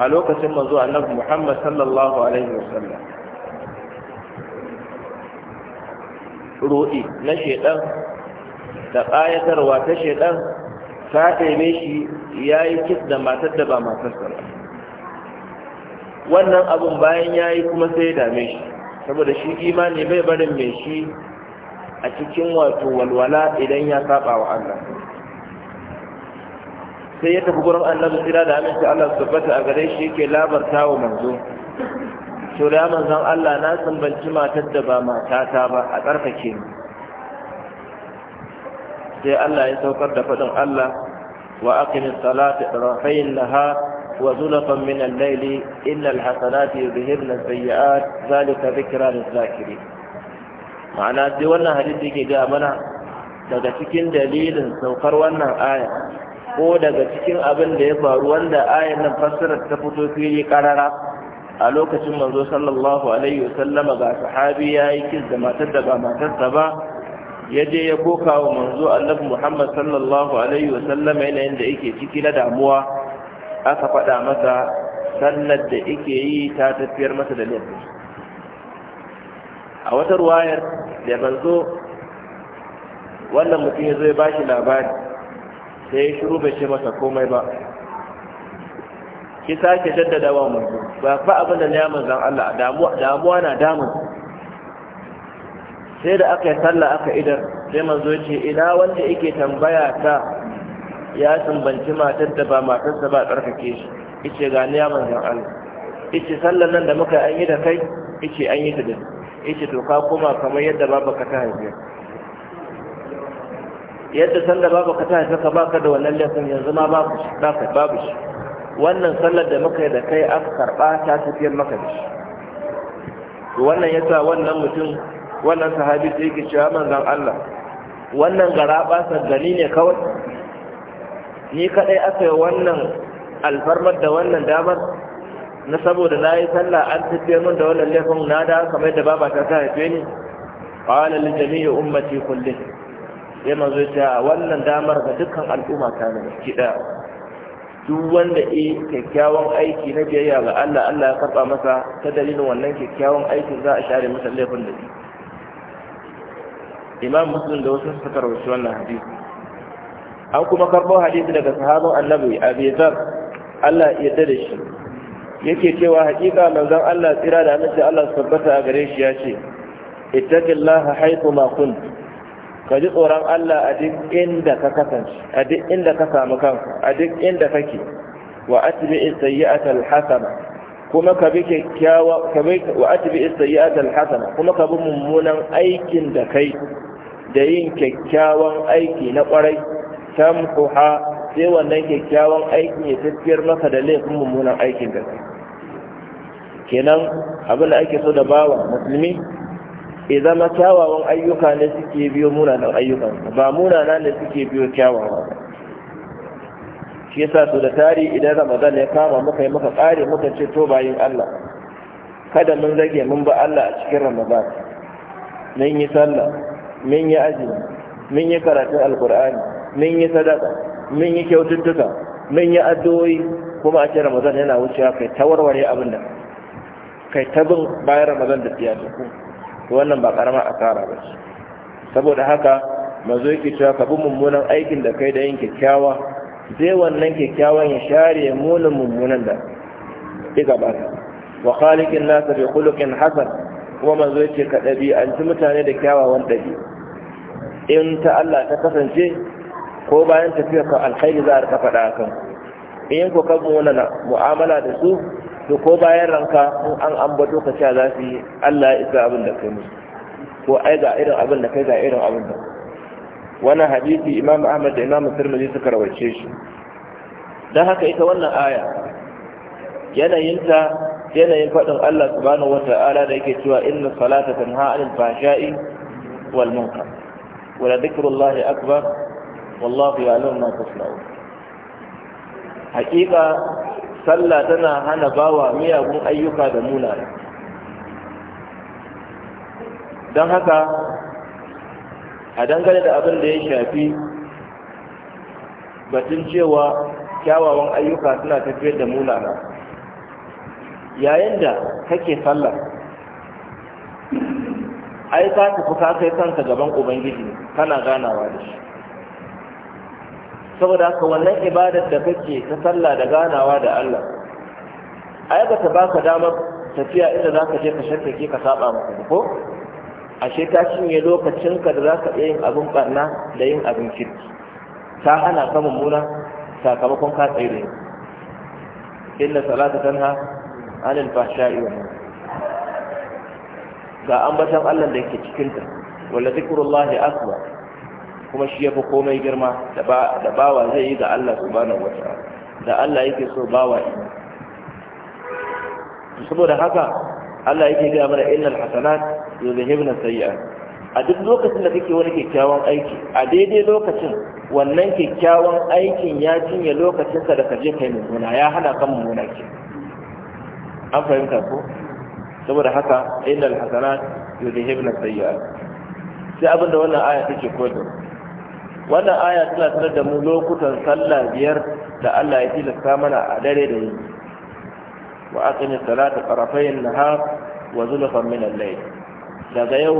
a lokacin manzo annabi Muhammad sallallahu alaihi wasallam roɗi na shaidan da ƙayatarwa ta shaidan ta taime shi ya yi kis da matar da ba matarsa ba wannan abin bayan ya yi kuma sai ya dame shi saboda shi imani bai barin mai shi a cikin wato walwala idan ya saba wa Allah sai ya tafi gurin annabi sira da aminci Allah su tabbata a gare shi yake labarta wa manzo to manzan Allah na tsambanci matar da ba matata ba a tsarkake ni sai Allah ya saukar da faɗin Allah wa aqimis salata tarafayn nahar wa zulafan min al-layli innal hasanati yudhhibna as-sayyi'at zalika dhikra lil-zakirin ma'ana sai wannan hadisi yake ga mana daga cikin dalilin saukar wannan aya ko daga cikin abin da ya faru wanda ayar nan fassarar ta fito fili karara a lokacin manzo sallallahu alaihi wasallama ga sahabi ya yi kis da matar da ba matarsa ba ya je ya koka wa manzo Allahu muhammad sallallahu alaihi wasallama yanayin da yake ciki na damuwa aka faɗa masa sallar da yake yi ta tafiyar masa da lafiya a wata ruwayar da manzo wannan mutum ya zo ya bashi labari sai ya shiru bai ce masa komai ba ki sake jaddada wa manzo ba fa abin da ya manzan Allah damuwa damuwa na damun sai da aka yi sallah aka idar sai manzo ce ina wanda yake tambaya ta ya tambanci matar da ba matarsa ba tsarkake shi ice ga ni ya manzan Allah ice sallar nan da muka an yi da kai ice an yi ta da yace to ka koma kamar yadda babaka ta haife yadda sanda babaka ta haife ka baka da wannan laifin yanzu ma babu shi wannan sallar da muka yi da kai aka karɓa ta tafiyar maka da shi wannan ya sa wannan mutum wannan sahabi sai ke cewa manzan Allah wannan gara ɓasar gani ne kawai ni kaɗai aka yi wannan alfarmar da wannan damar na saboda na yi sallah an tafiyar mun da wannan laifin na da kamar da baba ta ta haife ni qala lil jami'i ummati kullih sai manzo ya wannan damar ga dukkan al'umma ta ne ki daya duk wanda e kyakkyawan aiki na biyayya ga Allah Allah ya karba masa ta dalilin wannan kyakkyawan aikin za a share masa laifin da shi Imam Muslim da wasu suka rawaito wannan hadisi an kuma karbo hadisi daga sahabban Annabi Abi Dhar Allah ya yarda da shi yake cewa haƙiƙa manzon Allah tsira da annabi Allah tabbata a gare shi ya ce ittaqillaha haythu ma kunt ka ji tsoron Allah a duk inda ka kasance a duk inda ka samu kanka a duk inda kake wa atbi'i sayyi'ata al-hasana kuma ka bi kyakkyawa ka bi wa atbi'i sayyi'ata al-hasana kuma ka bi mummunan aikin da kai da yin kyakkyawan aiki na kwarai tamkuha sai wannan kyakkyawan aikin ya tafiyar maka da laifin mummunan aikin da kai kenan abin da ake so da bawa musulmi ya zama kyawawan ayyuka ne suke biyo munanan ayyukansa ba munana ne suke biyo kyawawa ba shi yasa to da tari idan ramadan ya kama muka yi muka kare muka ce to bayin Allah kada mun rage mun ba Allah a cikin ramadan mun yi sallah mun yi aji, mun yi karatun alkur'ani mun yi sadaka mun yi kyaututtuka mun yi addu'o'i kuma a cikin ramadan yana wucewa kai tawarware abin da kai ta bin bayan ramadan da siyasa to wannan ba karama asara ba saboda haka mazo yake cewa ka bi mummunan aikin da kai da yin kyakkyawa sai wannan kyakkyawan ya share munin mummunan da ya gaba wa khaliqin nas bi khuluqin hasan kuma mazo yake ka ci mutane da kyawawan ɗabi'a in ta Allah ta kasance ko bayan tafiya ka alkhairi za ka faɗa akan in ko kan mu'amala da su to ko bayan ranka in an ambato ka sha za su yi Allah ya isa abin da kai musu ko ai ga irin abin da kai ga irin abin da wannan hadisi Imam Ahmad da Imam Tirmidhi suka rawace shi dan haka ita wannan aya yanayinta yanayin faɗin Allah subhanahu wata'ala da yake cewa inna salata tanha 'anil fahsha'i wal munkar wa la dhikrullahi akbar wallahu ya'lamu ma tasna'un haƙiƙa sallah tana hana bawa miyagun ayyuka da muna don haka a dangane da abin da ya shafi batun cewa kyawawan ayyuka suna tafiyar da munana yayin da kake sallah ai ka tafi ka kai kanka gaban ubangiji kana ganawa da shi saboda haka wannan ibadar da kake ta sallah da ganawa da Allah ai ba ta baka damar tafiya inda zaka je ka ke ka saba maka ko ashe ta cinye ka da za ka abin barna da yin abin kirki ta hana ka mummuna sakamakon ka tsire inna salata tanha anil fahsha'i wa ga ambatan Allah da yake cikin ta wala zikrullahi akbar kuma shi yafi komai girma da bawa zai yi ga Allah subhanahu wataala da Allah yake so bawa yi saboda haka Allah yake ga mana illal hasanat yuzhibna sayyi'at a duk lokacin da kake wani kyakkyawan aiki a daidai lokacin wannan kyakkyawan aikin ya cinye lokacinka da kaje kai mummuna ya hana kan mummuna ke an fahimta ko saboda haka illal hasanat yuzhibna sayyi'at sai abinda wannan aya take koyarwa wannan aya tana sanar da mu lokutan sallah biyar da Allah ya tilasta mana a dare da yini wa aqimi salata tarafayn nahar wa zulfan min al-layl daga yau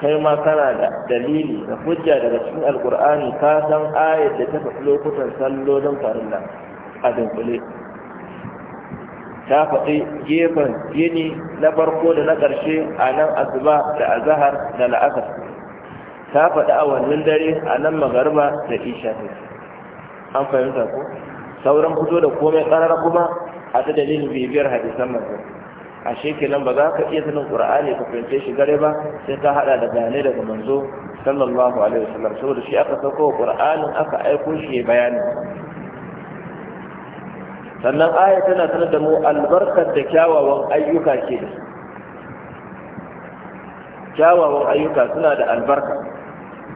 kai ma kana da dalili da hujja daga cikin alqur'ani ka san ayat da ta faɗi lokutan farin farilla a dunkule ta faɗi gefen gini na farko da na ƙarshe a nan asuba da azahar da la'asar ta faɗi a wannan dare a nan magarba da isha ta an fahimta ko sauran fito da komai ƙarara kuma a ta dalilin bibiyar hadisan mazan a kenan ba za ka iya sanin ƙura'ani ka fahimce shi gare ba sai ka haɗa da bayanai daga manzo sallallahu alaihi wasallam saboda shi aka sauko ƙura'anin aka aiko shi bayani sannan aya tana sanar da mu albarkar da kyawawan ayyuka ke da kyawawan ayyuka suna da albarka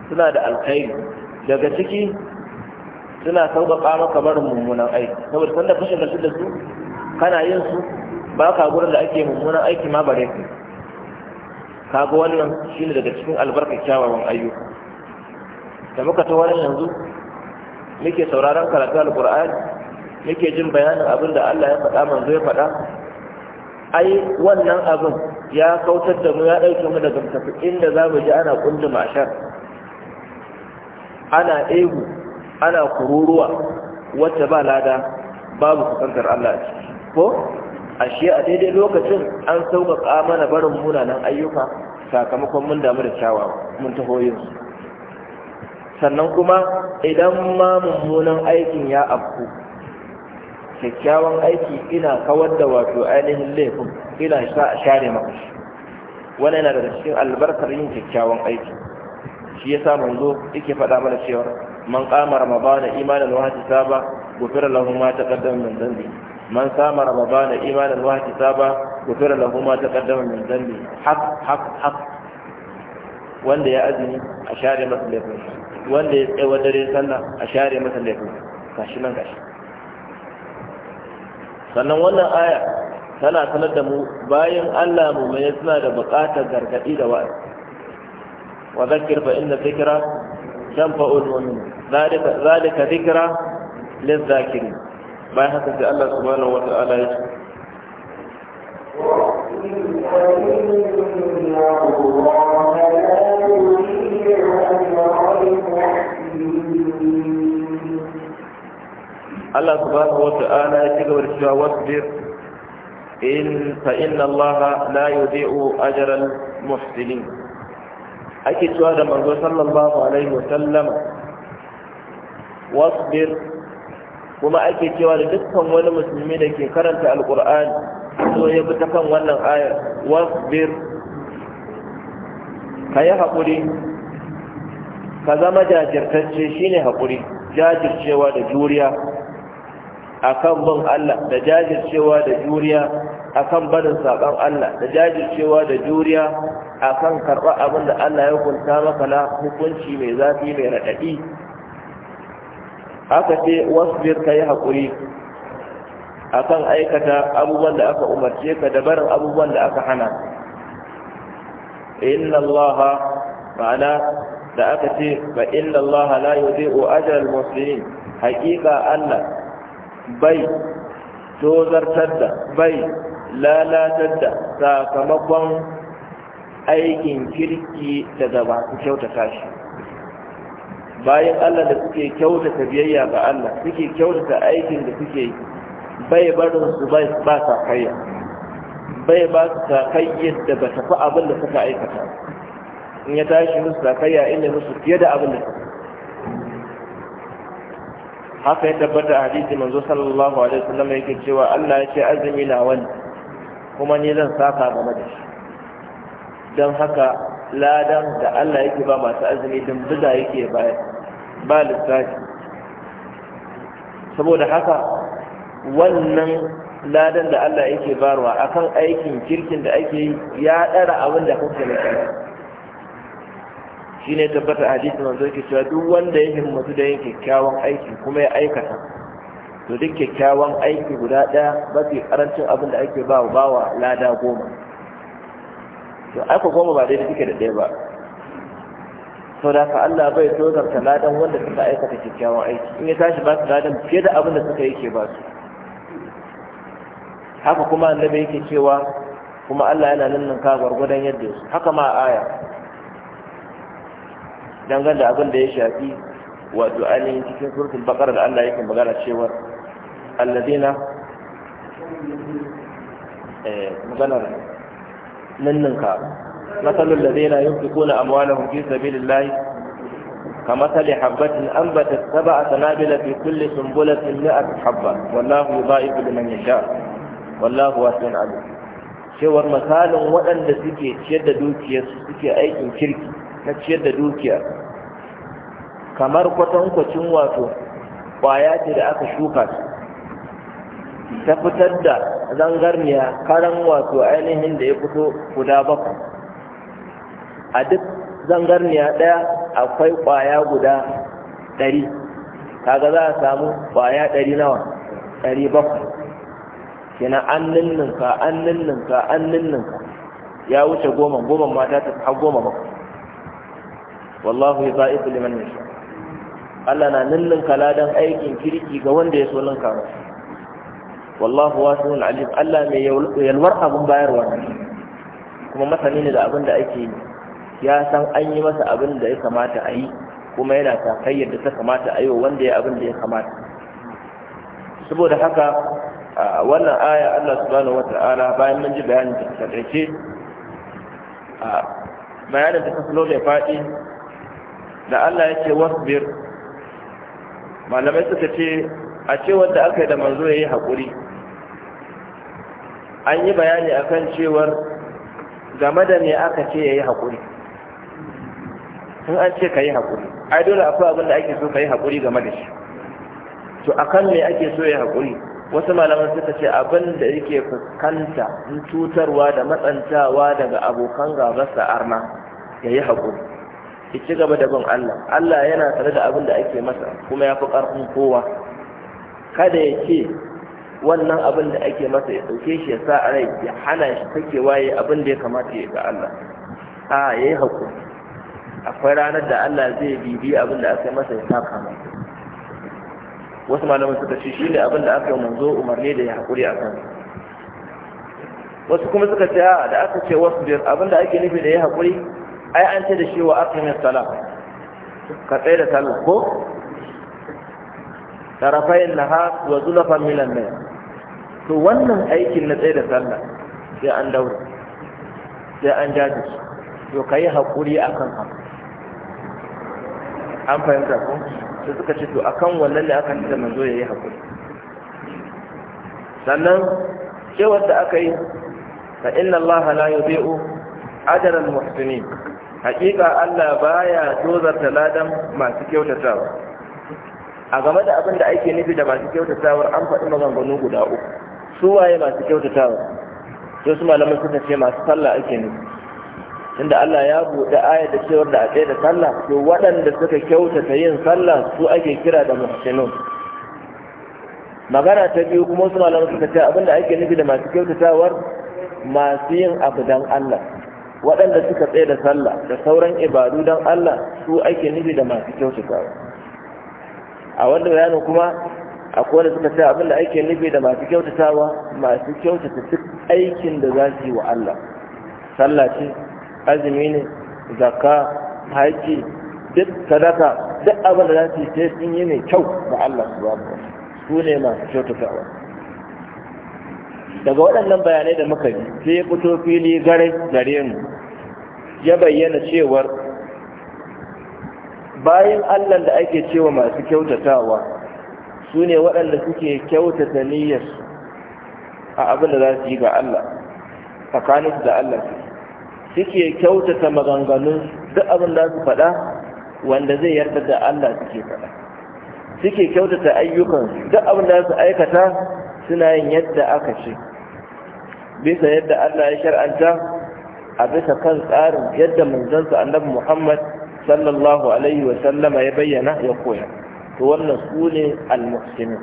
suna da alkhairi daga ciki suna sauƙaƙa maka barin mummunan aiki saboda sanda da su da su kana yin su ba ka gurin da ake mummunan aiki ma bare ka ka ga wannan shi ne daga cikin albarkar kyawawan ayyuka da muka ta wani yanzu muke sauraron karatu alƙur'ani muke jin bayanin abin da Allah ya faɗa manzo ya faɗa ai wannan abin ya kautar da mu ya ɗauke mu daga mutafi inda za mu ji ana kundin mashar ana ehu ana kururuwa wacce ba lada babu kusantar Allah a ko ashe a daidai lokacin an sauƙaƙa mana barin munanan ayyuka sakamakon mun damu da kyawawa mun taho su. sannan kuma idan ma mummunan aikin ya afku kyakkyawan aiki ina kawar da wato ainihin laifin ina sa a share maka shi yana daga cikin albarkar yin kyakkyawan aiki shi yasa manzo yake faɗa mana cewa man qama ramadana imanan wahati saba gufira lahu ma taqaddama min dhanbi man qama ramadana imanan wahati saba gufira lahu ma taqaddama min dhanbi haq haq haq wanda ya azumi a share masa laifin wanda ya tsaye dare sallah a share masa laifin gashi nan gashi sannan wannan aya tana sanar da mu bayan Allah mu mai suna da buƙatar gargadi da wa'azi وذكر فإن الذكرى تنفع المؤمنين ذلك ذلك ذكرى للذاكرين ما في الله سبحانه وتعالى الله سبحانه وتعالى يتقبل واصبر إن فإن الله لا يضيع أجر المحسنين ake cewa da manzo sallallahu alaihi wa sallama wasbir kuma ake cewa da dukkan wani musulmi da ke karanta alqur'ani so ya bi ta kan wannan ayar wasbir ka yi ka zama jajirtacce shine hakuri, jajircewa da juriya akan bin Allah da jajircewa da juriya akan barin sakon Allah da jajircewa da juriya akan karɓa abin da Allah ya kunta maka na hukunci mai zafi mai raɗaɗi Haka ce wasbir ka yi haƙuri akan aikata abubuwan da aka umarce ka da barin abubuwan da aka hana inna Allah ma'ana da aka ce ba inna Allah la yudhi'u ajra al-muslimin haƙiƙa Allah bai tozartar da bai lalatar da sakamakon aikin kirki daga masu kyautata shi bayan Allah da suke kyautata biyayya ga Allah suke kyautata aikin da suke bai barin su bai ba sakayya bai ba su sakayyar da ba tafi abin da suka aikata in ya tashi musu sakayya inda musu fiye da abin da suka haka ya tabbata hadisi manzo sallallahu alaihi wasallam yake cewa Allah ya ce azumi na wani kuma ni zan saka game da shi don haka ladan da Allah yake ba masu azumi dumbuza yake bayar ba lissafi saboda haka wannan ladan da Allah yake barwa akan aikin kirkin da ake yi ya ɗara abin da kuke na shi ne tabbata hadisi wanzu yake cewa duk wanda ya himmatu da yin kyakkyawan aiki kuma ya aikata to duk kyakkyawan aiki guda ɗaya ba mafi karancin abin da ake ba wa bawa lada goma to aika goma ba daidai suke da ɗaya ba sau da ka Allah bai ta ladan wanda suka aikata kyakkyawan aiki in ya tashi ba su ladan fiye da abin da suka yi ke ba su haka kuma annabi yake cewa kuma Allah yana nan ka gwargwadon yadda su haka ma aya dangane da abin da ya shafi wato ainihin cikin surkun bakar da Allah yake magana cewar alladina eh, maganar ninninka matsalin da zai na yin fi kuna amwala hukun sabilin layi ka matsali habbatin an ba ta saba a sanabila fi kulle sumbulatin na a habba wallahu ba iku da man yasha wallahu wasu wani abu cewar misalin waɗanda suke ciyar da dukiyarsu suke aikin kirki na ciyar da dukiya kamar kwatankwacin wato ƙwaya ce da aka shuka su ta fitar da zangarniya karan wato ainihin da ya fito guda bakwai a duk zangarniya ɗaya akwai ƙwaya guda ɗari kaga za a samu ƙwaya ɗari nawa ɗari bakwai kina an ninninka an ninninka an ninninka ya wuce goma goma mata ta ta goma bakwai wallahu ya za'i liman yasha Allah na nillin kaladan aikin kirki ga wanda ya so ninka masa wallahu wasi'un alim Allah mai yalwar abin bayarwa kuma masani ne da abin da ake yi ya san an yi masa abin da ya kamata a yi kuma yana takayyar da ta kamata a yi wanda ya abin da ya kamata saboda haka wannan aya Allah subhanahu wata'ala bayan mun ji bayanin da ta bayanin da ta filo da faɗi da Allah ya ce wasbir malamai suka ce a ce wanda aka yi da manzo ya yi haƙuri an yi bayani a kan cewar game da ne aka ce ya yi haƙuri sun an ce ka yi haƙuri ai dole akwai abin da ake so ka yi haƙuri game da shi to kan ne ake so ya yi haƙuri wasu malaman suka ce abin da yake fuskanta in cutarwa da matsantawa daga abokan gabarsa arna ya yi haƙuri ki ci gaba da bin Allah Allah yana tare da abin da ake masa kuma ya fi ƙarfin kowa kada ya ce wannan abin da ake masa ya ɗauke shi ya sa a rai ya hana shi take waye abin da ya kamata ya ga Allah a ya yi haƙuri akwai ranar da Allah zai bibi abin da aka yi masa ya sa kama. wasu malaman suka ce shi ne abin da aka yi manzo umarni da ya haƙuri a kan wasu kuma suka ce da aka ce wasu biyar abin da ake nufi da ya haƙuri ai an ce da shi wa aqimis Salam ka tsaye da sallah ko na nahar wa zulafan milan nay to wannan aikin na tsaye da sallah sai an daure sai an jaji to ka yi haƙuri a kan ha, an fahimta ko sai suka ce to akan wannan ne aka da manzo yi haƙuri? sannan cewar da aka yi fa inna allaha la yudhi'u ajra al-muhsinin hakika Allah baya dozarta ladan masu kyautatawa a game da abin da ake nufi da masu kyautatawar an faɗi maganganu guda uku su waye masu kyautatawa to su malamai suka ce masu sallah ake nufi tunda Allah ya buɗe ayar da cewar da a tsaye da sallah to waɗanda suka kyautata yin sallah su ake kira da muhsinun magana ta biyu kuma su malamai suka ce abin da ake nufi da masu kyautatawar masu yin abu dan Allah waɗanda suka tsaye da sallah da sauran ibadu don Allah su ake nufi da masu kyautatawa a wanda bayanin kuma akwai kowane suka sai abinda ake nufi da masu kyautatawa masu kyautata duk aikin da za su yi wa Allah sallah ce azumi ne zakka haji duk sadaka duk abin da za su yi sai sun yi mai kyau ga Allah su wa su ne masu kyautatawa daga waɗannan bayanai da muka yi sai ya fito fili gare gare mu ya bayyana cewar bayan allan da ake cewa masu kyautatawa su ne waɗanda suke kyautata niyyarsu a abin da za su yi ga allah tsakaninsu da allah suke kyautata maganganun duk abin da su faɗa wanda zai yarda da allah suke faɗa suke kyautata ayyukan duk abin da su aikata suna yin yadda aka ce bisa yadda Allah ya shar'anta a bisa kan tsarin yadda manzansa annabi Muhammad sallallahu alaihi wa sallama ya bayyana ya koya to wannan su ne almuhsinin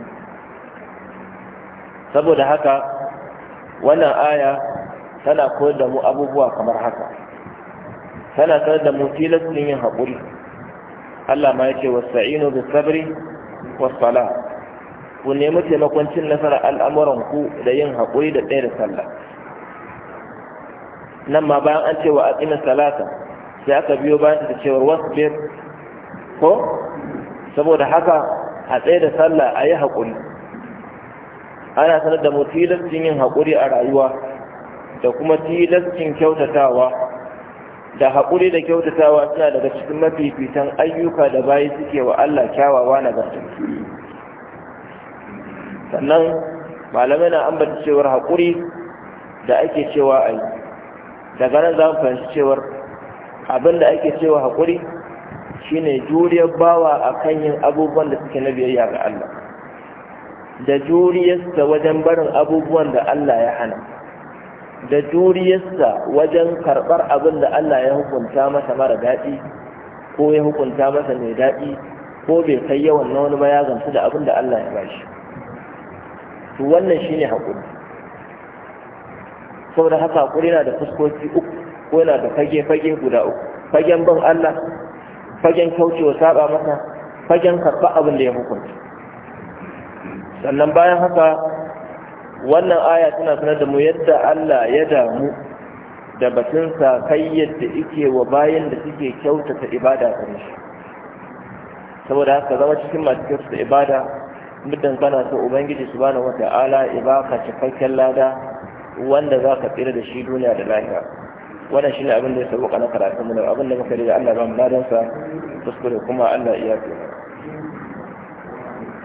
saboda haka wannan aya tana koyar da mu abubuwa kamar haka tana sanar da mu tilastin yin haƙuri Allah ma ya ce wasa'inu bis sabri was salat ku nemi taimakon cin nasarar al'amuranku da yin haƙuri da ɗaya da sallah nan ma bayan an cewa a tsinin salata sai aka biyo bayan da cewar wasbir ko saboda haka a tsaye da sallah a yi haƙuri ana sanar da mu tilastin yin haƙuri a rayuwa da kuma tilastin kyautatawa da haƙuri da kyautatawa suna daga cikin mafifitan ayyuka da bayi suke wa Allah kyawawa na gaske sannan malamai na ambata cewar haƙuri da ake cewa a yi daga nan za mu fahimci cewar abin da ake cewa haƙuri shine juriyar bawa a kan yin abubuwan da suke na biyayya ga Allah da juriyarsa wajen barin abubuwan da Allah ya hana da juriyarsa wajen karɓar abin da Allah ya hukunta masa mara daɗi ko ya hukunta masa mai daɗi ko bai kai yawan na wani ba ya gamsu da abin da Allah ya bashi to wannan ne haƙuri saboda haka haƙuri yana da fuskoki uku ko yana da fage-fage guda uku fagen bin Allah fagen kaucewa saba masa fagen karɓa abin da ya hukunta sannan bayan haka wannan aya tana sanar da mu yadda Allah ya damu da batunsa kai yadda ike wa bayan da suke kyautata ibada gare shi saboda haka zama cikin masu kyautata ibada muddin kana so ubangiji subhanahu wata'ala ya baka cikakken lada wanda za ka tsira da shi duniya da lahira wannan shine abin da ya sabo na karatu mu abin da muka riga Allah ba mu ladan sa kuskure kuma Allah ya yi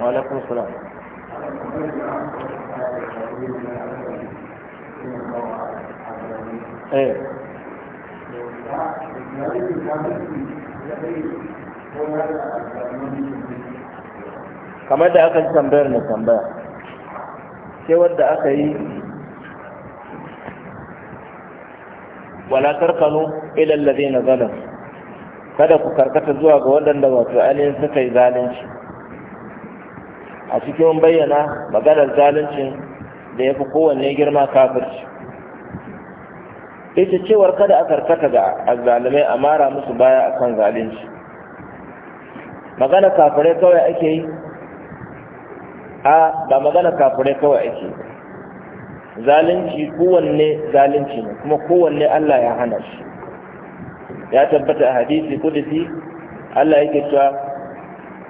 wa alaikum salam eh Thank you. kamar da aka tambayar na tambaya sai wadda aka yi wala tarkanu ila alladhina zalam kada ku karkata zuwa ga waɗanda wato alin suka yi zalunci a cikin bayyana maganar zalunci da ya fi kowanne girma kafirci ita cewar kada a karkata ga azzalumai a mara musu baya akan zalunci magana kafirai kawai ake yi a ba magana kafirai kawai ake zalunci kowanne zalunci ne kuma kowanne Allah ya hana shi ya tabbata a hadisi kudusi Allah yake cewa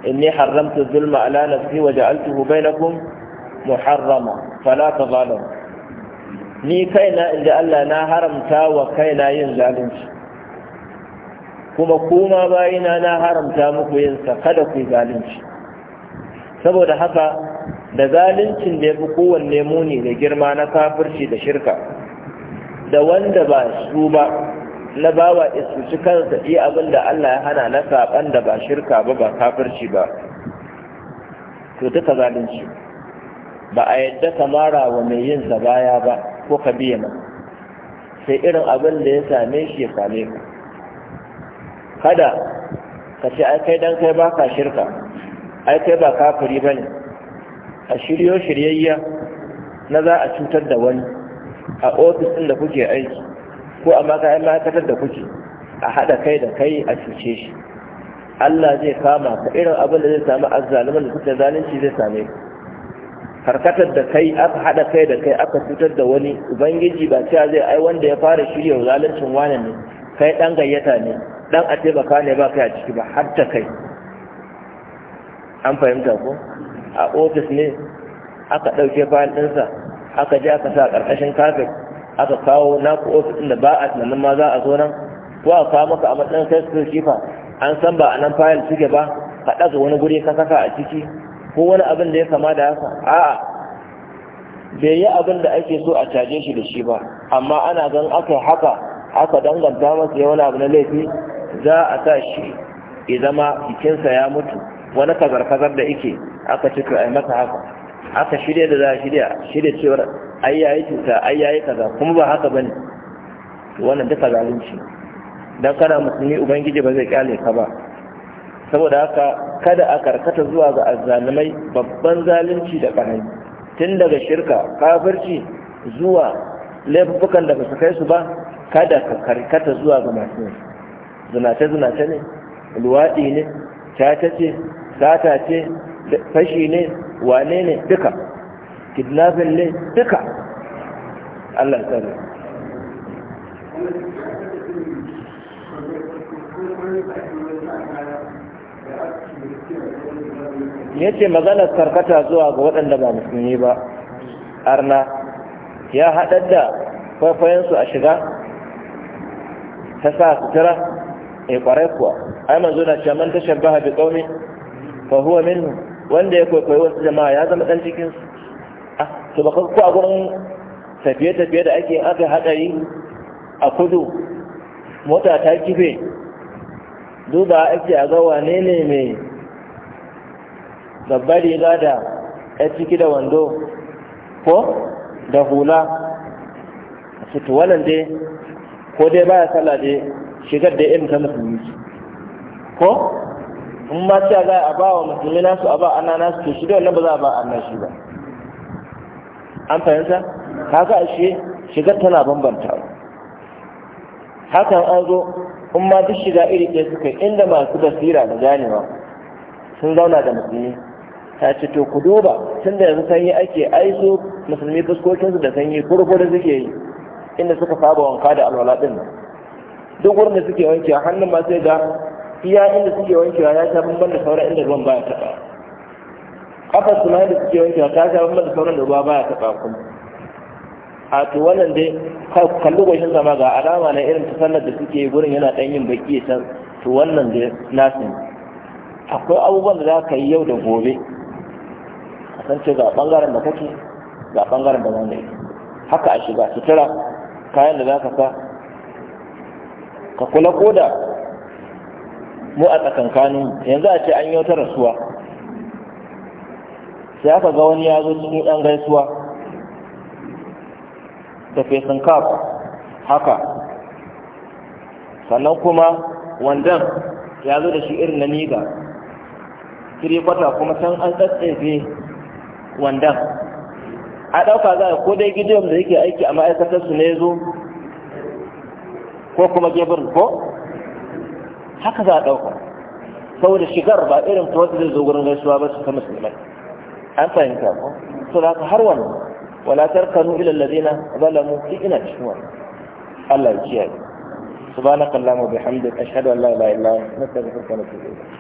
inni haramta zulma ala nafsi wa ja'altuhu bainakum muharrama fala tazalamu ni kaina inda Allah na haramta wa kaina yin zalunci kuma kuma bayina na haramta muku yin sa kada ku zalunci saboda haka da zaluncin da ya fi kowanne muni da girma na kafirci da shirka da wanda ba su ba na bawa isuci kansa iya abin Allah ya hana na saɓan da ba shirka ba ba kafirci ba to duka zalunci ba a yadda ka mara wa mai yin baya ba ko ka biya ma sai irin abin da ya same shi ya same ka kada ka ce ai kai dan kai baka shirka ai kai ba kafiri ba ne a shiryo shiryayya na za a cutar da wani a ofis din da kuke aiki ko a makayan ma'aikatar da kuke a haɗa kai da kai a cuce shi Allah zai kama ka irin abin da zai samu azzalumin da suke zalunci zai same ka karkatar da kai aka haɗa kai da kai aka cutar da wani ubangiji ba cewa zai ai wanda ya fara shirya zaluncin wani ne kai dan gayyata ne dan a taimaka ne ba kai a ciki ba har ta kai an fahimta ko a ofis ne aka ɗauke fayil ɗinsa aka je aka sa ƙarƙashin kafin aka kawo naku ofis ɗin da ba a tunanin ma za a zo nan ko a kawo maka a matsayin kai su shifa an san ba a nan fayil suke ba ka ɗaga wani guri ka saka a ciki ko wani abin da ya kama da haka a'a bai yi abin da ake so a caje shi da shi ba amma ana gan aka haka aka danganta masa ya abu na laifi za a sa shi ya zama jikinsa ya mutu wani kazar-kazar da ike aka cika a mata haka aka shirya da za a shirya shirya cewar ayyayi cuta ayyayi kaza kuma ba haka ba ne, wannan duka zalunci don kana musulmi ubangiji ba zai kyale ka ba saboda haka kada a karkata zuwa ga azzalumai babban zalunci da karami tun daga shirka kafirci zuwa laifukan da ba su kai su ba kada ka karkata zuwa ga masu zinace-zinace ne luwaɗi ne caca ce sata ce fashi ne wane ne duka kidnapping ne duka Allah tsare ya ce maganar karkata zuwa ga waɗanda ba musulmi ba arna ya haɗar da kwaifayensu a shiga ta sa sutura eh kwarai kuwa ai manzo na cewa man tashabbaha bi qaumi fa huwa minhum wanda ya kwaikwayi wasu jama'a ya zama dan cikin su ah to ba ko a gurin tafiye tafiye da ake aka hadari a kudu mota ta kife duba ake a ga wane ne mai babbar riga da ya ciki da wando ko da hula su tuwalan dai ko dai baya sallah dai shigar da irin ta musulmi ko in ma cewa za a ba wa musulmi nasu a ba ana nasu to shi da wannan ba za a ba ana shi ba an fahimta haka ashe shigar tana bambanta hakan an zo in ma duk shiga iri ɗaya suka inda masu basira da ganewa sun zauna da musulmi ta ce to ku duba tun da yanzu sanyi ake aiso musulmi fuskokinsu da sanyi kurkuru suke yi inda suka saba wanka da alwala ɗin nan duk wurin da suke wankewa hannun ma sai ga iya inda suke wankewa ya sha bamban da sauran inda ruwan baya taɓa kafar su ma inda suke wankewa ta sha bamban da sauran da ruwa baya taɓa kuma a to wannan dai kalli gwashin zama ga alama na irin ta sallar da suke gurin yana ɗan yin baki ya san to wannan dai nasu akwai abubuwan da za ka yi yau da gobe a san ce ga ɓangaren da kake ga ɓangaren da wanda haka a shiga sutura kayan da za ka sa ka kula koda mu a tsakankanin yanzu a ce an yi wata rasuwa sai aka ga wani ya zo cikin ɗan gaisuwa da fesin kaf haka sannan kuma wandan ya zo da shi irin na niga kiri kwata kuma can an tsatsefe wandan a ɗauka za a ko gidiyon da yake aiki a ma'aikatar su ne zo ko kuma gebrin ko haka za a ɗauka saboda shigar ba irin ta wata zai zo gurin gaisuwa ba su ta musulmai an fahimta ko to da har wani wala tarkanu ila alladhina zalamu duk ina cikin wannan Allah ya kiyaye subhanakallahumma bihamdika ashhadu an la ilaha illa anta astaghfiruka wa atubu ilayk